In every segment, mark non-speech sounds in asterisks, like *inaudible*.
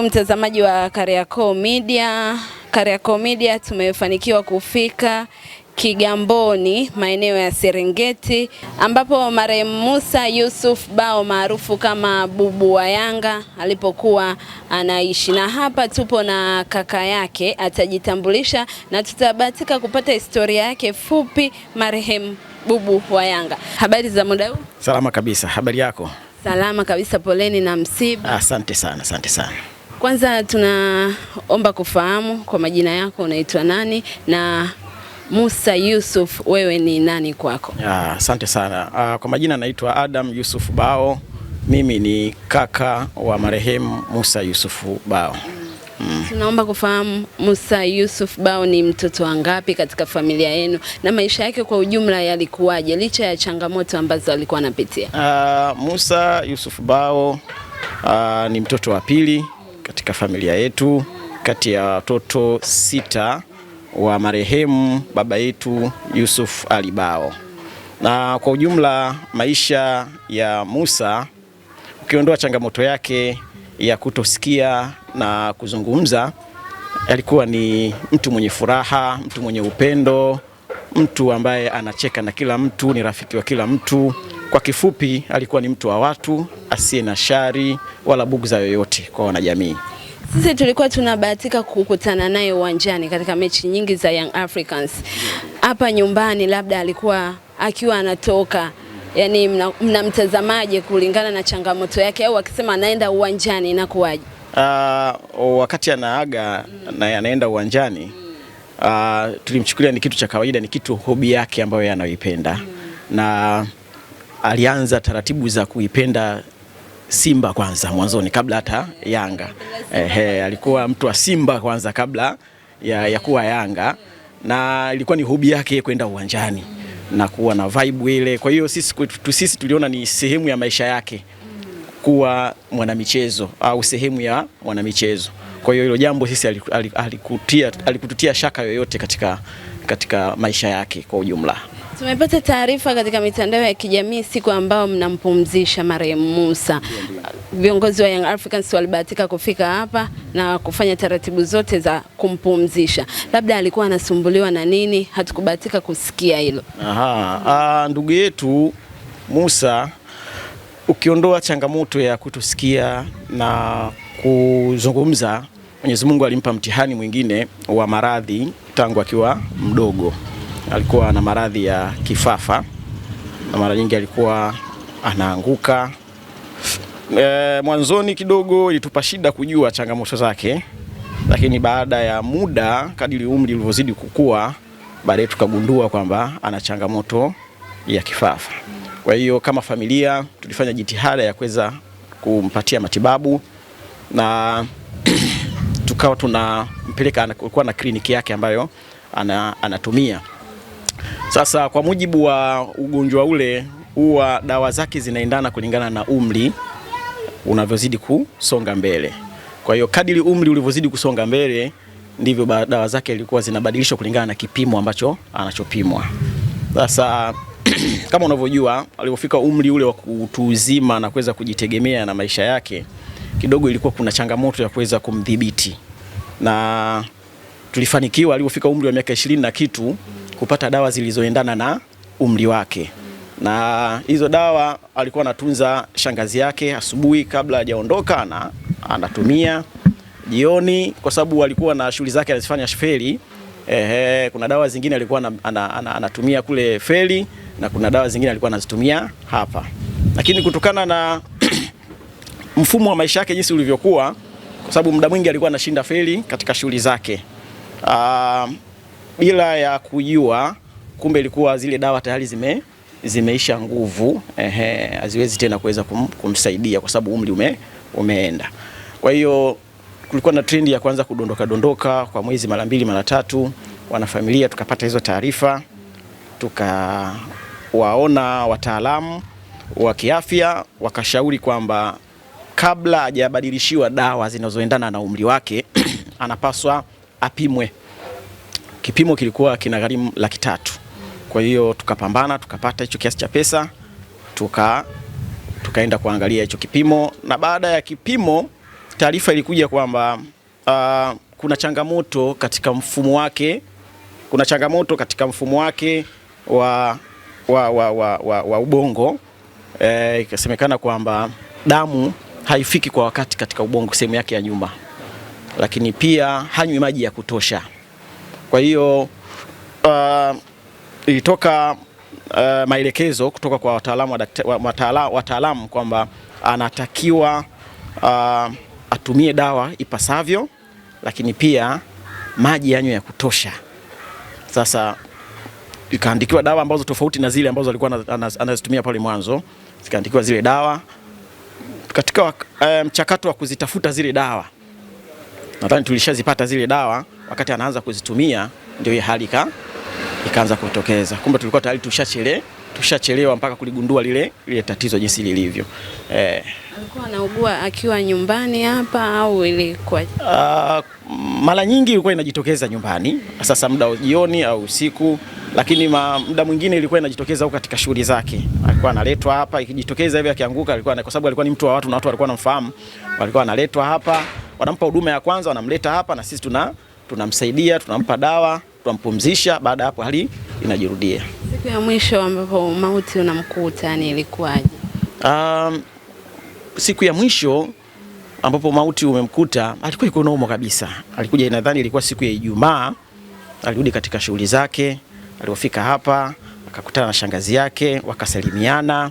Ndugu mtazamaji wa Kariakoo Media, Kariakoo Media tumefanikiwa kufika Kigamboni maeneo ya Serengeti ambapo marehemu musa Yusuf Bao maarufu kama Bubu wa Yanga alipokuwa anaishi, na hapa tupo na kaka yake, atajitambulisha na tutabahatika kupata historia yake fupi. Marehemu Bubu wa Yanga, habari za muda huu? Salama kabisa, habari yako? Salama kabisa, poleni na msiba. Asante sana, asante sana. Kwanza tunaomba kufahamu kwa majina yako, unaitwa nani na Musa Yusuf, wewe ni nani kwako? Asante sana. Aa, ah, kwa majina naitwa Adam Yusuf Bao. Mimi ni kaka wa marehemu Musa Yusuf Bao. Mm. Tunaomba kufahamu Musa Yusuf Bao ni mtoto wa ngapi katika familia yenu na maisha yake kwa ujumla yalikuwaje licha ya changamoto ambazo alikuwa anapitia? Aa, ah, Musa Yusuf Bao aa, ah, ni mtoto wa pili katika familia yetu, kati ya watoto sita wa marehemu baba yetu Yusuf Ali Bao. Na kwa ujumla maisha ya Musa ukiondoa changamoto yake ya kutosikia na kuzungumza, alikuwa ni mtu mwenye furaha, mtu mwenye upendo, mtu ambaye anacheka na kila mtu, ni rafiki wa kila mtu. Kwa kifupi, alikuwa ni mtu wa watu asiye na shari wala bugza yoyote kwa wanajamii. Sisi tulikuwa tunabahatika kukutana naye uwanjani katika mechi nyingi za Young Africans. Hapa nyumbani labda alikuwa akiwa anatoka yani, mnamtazamaje mna kulingana na changamoto yake, au akisema anaenda uwanjani inakuwaje? Uh, wakati anaaga na anaenda uwanjani uh, tulimchukulia ni kitu cha kawaida, ni kitu hobi yake ambayo yanayoipenda mm. na alianza taratibu za kuipenda Simba kwanza mwanzoni kabla hata Yanga. Ehe, alikuwa mtu wa Simba kwanza kabla ya, ya kuwa Yanga na ilikuwa ni hobi yake kwenda uwanjani na kuwa na vibe ile. Kwa hiyo sisi, sisi tuliona ni sehemu ya maisha yake kuwa mwanamichezo au sehemu ya mwanamichezo. Kwa hiyo hilo jambo sisi alikutia, alikututia shaka yoyote katika, katika maisha yake kwa ujumla. Tumepata taarifa katika mitandao ya kijamii siku ambao mnampumzisha marehemu Musa, viongozi wa Young Africans walibahatika kufika hapa na kufanya taratibu zote za kumpumzisha. Labda alikuwa anasumbuliwa na nini, hatukubahatika kusikia hilo. Aha, ah, ndugu yetu Musa, ukiondoa changamoto ya kutusikia na kuzungumza, Mwenyezi Mungu alimpa mtihani mwingine wa maradhi tangu akiwa mdogo alikuwa na maradhi ya kifafa na mara nyingi alikuwa anaanguka. E, mwanzoni kidogo ilitupa shida kujua changamoto zake, lakini baada ya muda kadiri umri ulivyozidi kukua, baadaye tukagundua kwamba ana changamoto ya kifafa. Kwa hiyo kama familia tulifanya jitihada ya kuweza kumpatia matibabu na *clears throat* tukawa tunampeleka, alikuwa na kliniki yake ambayo ana, anatumia sasa kwa mujibu wa ugonjwa ule huwa dawa zake zinaendana kulingana na umri unavyozidi kusonga mbele. Kwa hiyo kadiri umri ulivyozidi kusonga mbele ndivyo dawa zake ilikuwa zinabadilishwa kulingana na kipimo ambacho anachopimwa. Sasa *clears throat* kama unavyojua alipofika umri ule wa kutu uzima na kuweza kujitegemea na maisha yake, kidogo ilikuwa kuna changamoto ya kuweza kumdhibiti, na tulifanikiwa alipofika umri wa miaka ishirini na kitu kupata dawa zilizoendana na umri wake, na hizo dawa alikuwa anatunza shangazi yake. Asubuhi kabla hajaondoka na anatumia jioni, kwa sababu alikuwa na shughuli zake anazifanya feri. Ehe, kuna dawa zingine alikuwa anatumia ana, ana, ana kule feri na kuna dawa zingine alikuwa anazitumia hapa, lakini kutokana na *clears throat* mfumo wa maisha yake jinsi ulivyokuwa, kwa sababu muda mwingi alikuwa anashinda feri katika shughuli zake Aa, ah, bila ya kujua, kumbe ilikuwa zile dawa tayari zime zimeisha nguvu, ehe, haziwezi tena kuweza kum, kumsaidia kwa sababu umri ume, umeenda. Kwa hiyo kulikuwa na trendi ya kuanza kudondoka dondoka kwa mwezi mara mbili mara tatu. Wanafamilia tukapata hizo taarifa, tukawaona wataalamu wa kiafya, wakashauri kwamba kabla hajabadilishiwa dawa zinazoendana na umri wake *clears throat* anapaswa apimwe. Kipimo kilikuwa kina gharimu laki tatu. Kwa hiyo tukapambana tukapata hicho kiasi cha pesa tuka tukaenda kuangalia hicho kipimo, na baada ya kipimo taarifa ilikuja kwamba uh, kuna changamoto katika mfumo wake, kuna changamoto katika mfumo wake wa, wa, wa, wa, wa, wa ubongo. Eh, ikasemekana e, kwamba damu haifiki kwa wakati katika ubongo sehemu yake ya nyuma, lakini pia hanywi maji ya kutosha. Kwa hiyo uh, ilitoka uh, maelekezo kutoka kwa wataalamu wa wataalamu kwamba anatakiwa uh, atumie dawa ipasavyo, lakini pia maji yanywe ya kutosha. Sasa ikaandikiwa dawa ambazo tofauti na zile ambazo alikuwa anazitumia pale mwanzo, zikaandikiwa zile dawa katika eh, mchakato um, wa kuzitafuta zile dawa, nadhani tulishazipata zile dawa wakati anaanza kuzitumia ndio hii hali ikaanza kutokeza. Kumbe tulikuwa tayari tushachele tushachelewa mpaka kuligundua lile lile tatizo jinsi lilivyo. Eh, alikuwa anaugua akiwa nyumbani hapa au ilikuwa uh, mara nyingi ilikuwa inajitokeza nyumbani, sasa muda wa jioni au usiku, lakini muda mwingine ilikuwa inajitokeza huko katika shughuli zake, alikuwa analetwa hapa, ikijitokeza hivi akianguka, alikuwa kwa sababu alikuwa ni mtu wa watu na watu walikuwa wanamfahamu, walikuwa analetwa hapa, wanampa huduma ya kwanza, wanamleta hapa na sisi tuna tunamsaidia, tunampa dawa, tunampumzisha. Baada hapo hali inajirudia. Siku ya mwisho ambapo mauti unamkuta ni ilikuwaje? Um, siku ya mwisho ambapo mauti umemkuta alikuwa yuko naumo kabisa. Alikuja, nadhani ilikuwa siku ya Ijumaa, alirudi katika shughuli zake, alipofika hapa akakutana na shangazi yake wakasalimiana.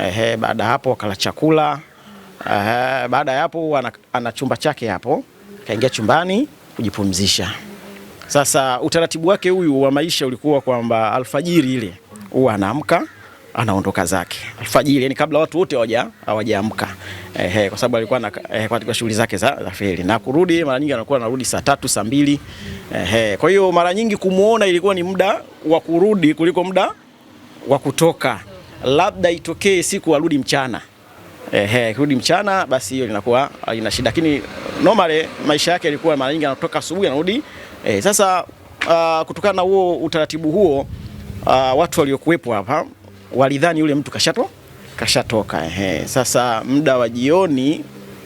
Ehe, baada hapo wakala chakula. Ehe, baada ya hapo ana, ana chumba chake hapo, akaingia chumbani kujipumzisha. Sasa utaratibu wake huyu wa maisha ulikuwa kwamba alfajiri ile huwa anaamka anaondoka zake alfajiri, yani kabla watu wote hawaja hawajaamka eh, kwa sababu alikuwa na eh, katika shughuli zake za, za feri na kurudi. Mara nyingi anakuwa anarudi saa tatu saa mbili eh, kwa hiyo mara nyingi kumuona ilikuwa ni muda wa kurudi kuliko muda wa kutoka, labda itokee siku arudi mchana ehe, kurudi mchana, basi hiyo linakuwa ina shida, lakini normally maisha yake ilikuwa mara nyingi anatoka asubuhi anarudi e. Eh, sasa uh, kutokana na huo utaratibu huo uh, watu waliokuwepo hapa walidhani yule mtu kashato kashatoka ehe. Sasa muda wa jioni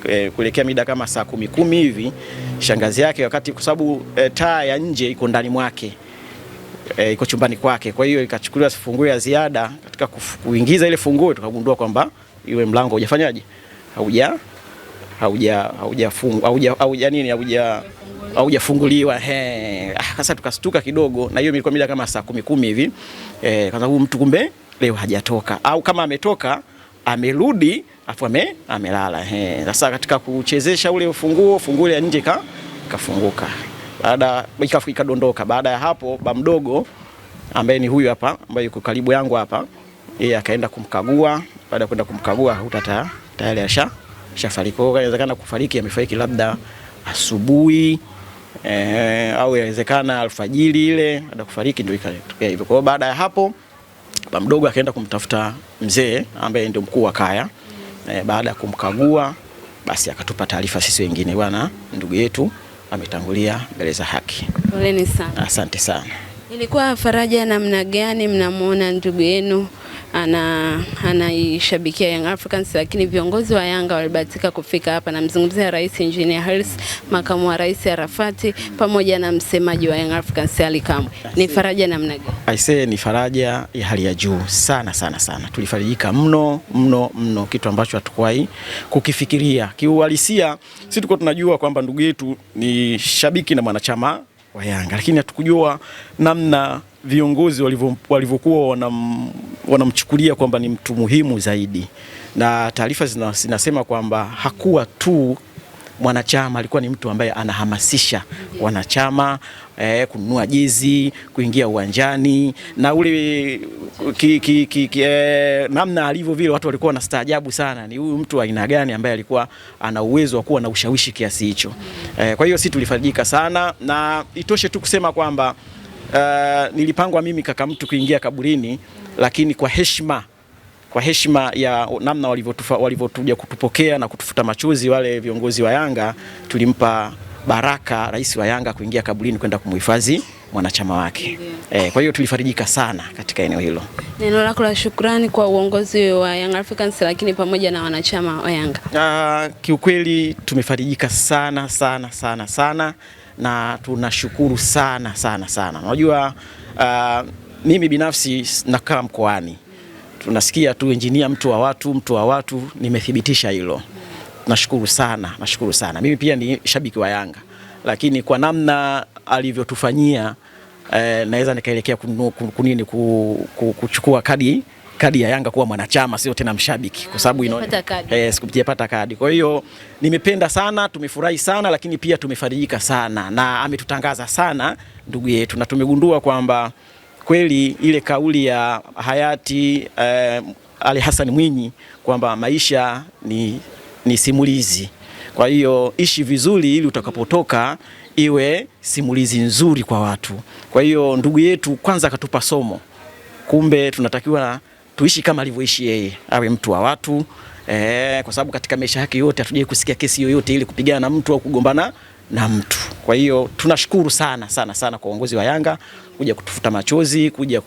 e, kuelekea mida kama saa kumi kumi hivi shangazi yake wakati, kwa sababu e, taa ya nje iko ndani mwake e, iko chumbani kwake, kwa hiyo ikachukuliwa funguo ya ziada. Katika kuingiza ile funguo tukagundua kwamba iwe mlango hujafanyaje, hauja hauja haujafungwa hauja hauja nini hauja haujafunguliwa eh. Ah, sasa tukastuka kidogo, na hiyo ilikuwa mida kama saa kumi kumi hivi eh, kwanza huyu mtu kumbe leo hajatoka, au kama ametoka amerudi afu ame amelala he. Sasa katika kuchezesha ule ufunguo funguo ya nje ka kafunguka, baada ikafika ikadondoka. Baada ya hapo ba mdogo ambaye ni huyu hapa ambaye yuko karibu yangu hapa, yeye akaenda kumkagua baada ya kwenda kumkagua ta, tayari asha shafariki. Kwa hiyo inawezekana kufariki, amefariki labda asubuhi e, au inawezekana alfajiri ile baada kufariki ndio ikatokea hivyo. Kwa hiyo baada ya hapo baba mdogo akaenda kumtafuta mzee ambaye ndio mkuu wa kaya e, baada ya kumkagua basi akatupa taarifa sisi wengine, bwana, ndugu yetu ametangulia mbele za haki. Poleni sana. Asante sana. Ilikuwa faraja namna gani mnamwona ndugu yenu ana anaishabikia Young Africans, lakini viongozi wa Yanga walibahatika kufika hapa. Namzungumzia Rais Engineer Hersi, Makamu wa Rais Arafati pamoja na msemaji wa Young Africans Ali Kamwe. Ni faraja namna gani? say ni faraja ya hali ya juu sana sana sana. Tulifarijika mno mno mno, kitu ambacho hatukuwahi kukifikiria. Kiuhalisia, sisi tulikuwa tunajua kwamba ndugu yetu ni shabiki na mwanachama wa Yanga, lakini hatukujua namna viongozi walivyokuwa wanam, wanamchukulia kwamba ni mtu muhimu zaidi, na taarifa zinasema kwamba hakuwa tu mwanachama alikuwa ni mtu ambaye anahamasisha wanachama eh, kununua jezi, kuingia uwanjani na ule ki, ki, ki, ki, eh, namna alivyo vile, watu walikuwa wanastaajabu sana, ni huyu mtu aina gani ambaye alikuwa ana uwezo wa kuwa na ushawishi kiasi hicho. Eh, kwa hiyo si tulifarijika sana, na itoshe tu kusema kwamba eh, nilipangwa mimi kaka mtu kuingia kaburini, lakini kwa heshima kwa heshima ya namna walivyotuja kutupokea na kutufuta machozi wale viongozi wa Yanga, tulimpa baraka rais wa Yanga kuingia kaburini kwenda kumhifadhi mwanachama wake. E, kwa hiyo tulifarijika sana katika eneo hilo. Neno lako la shukrani kwa uongozi wa Young Africans lakini pamoja na wanachama wa Yanga. Ah, kiukweli tumefarijika sana sana sana sana na tunashukuru sana sana sana. Unajua, uh, mimi binafsi nakaa mkoani tunasikia tu injinia mtu wa watu, mtu wa watu. Nimethibitisha hilo, nashukuru sana, nashukuru sana. Mimi pia ni shabiki wa Yanga, lakini kwa namna alivyotufanyia eh, naweza nikaelekea kunini kuchukua kadi kadi ya Yanga kuwa mwanachama sio tena mshabiki, kwa sababu inaona eh, sikupata kadi. Kwa hiyo nimependa sana, tumefurahi sana, lakini pia tumefarijika sana na ametutangaza sana ndugu yetu, na tumegundua kwamba kweli ile kauli ya hayati eh, Ali Hassan Mwinyi kwamba maisha ni, ni simulizi. Kwa hiyo ishi vizuri ili utakapotoka iwe simulizi nzuri kwa watu. Kwa hiyo ndugu yetu kwanza akatupa somo, kumbe tunatakiwa tuishi kama alivyoishi yeye, awe mtu wa watu eh, kwa sababu katika maisha yake yote hatujai kusikia kesi yoyote ili kupigana na mtu au kugombana na mtu. Kwa hiyo tunashukuru sana sana sana kwa uongozi wa Yanga kuja kutufuta machozi, kuja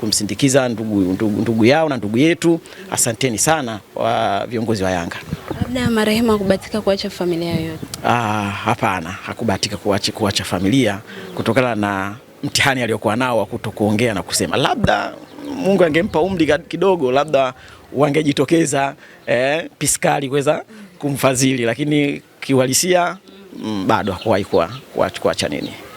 kumsindikiza ndugu, ndugu, ndugu yao na ndugu yetu. Asanteni sana wa viongozi wa Yanga. Labda marehemu hakubahatika kuacha familia yote. Ah, hapana, hakubahatika kuacha kuacha familia kutokana na mtihani aliyokuwa nao wa kutokuongea na kusema. Labda Mungu angempa umri kidogo, labda wangejitokeza eh, piskali kuweza kumfadhili, lakini kiuhalisia bado hakuwahi kuachwa nini.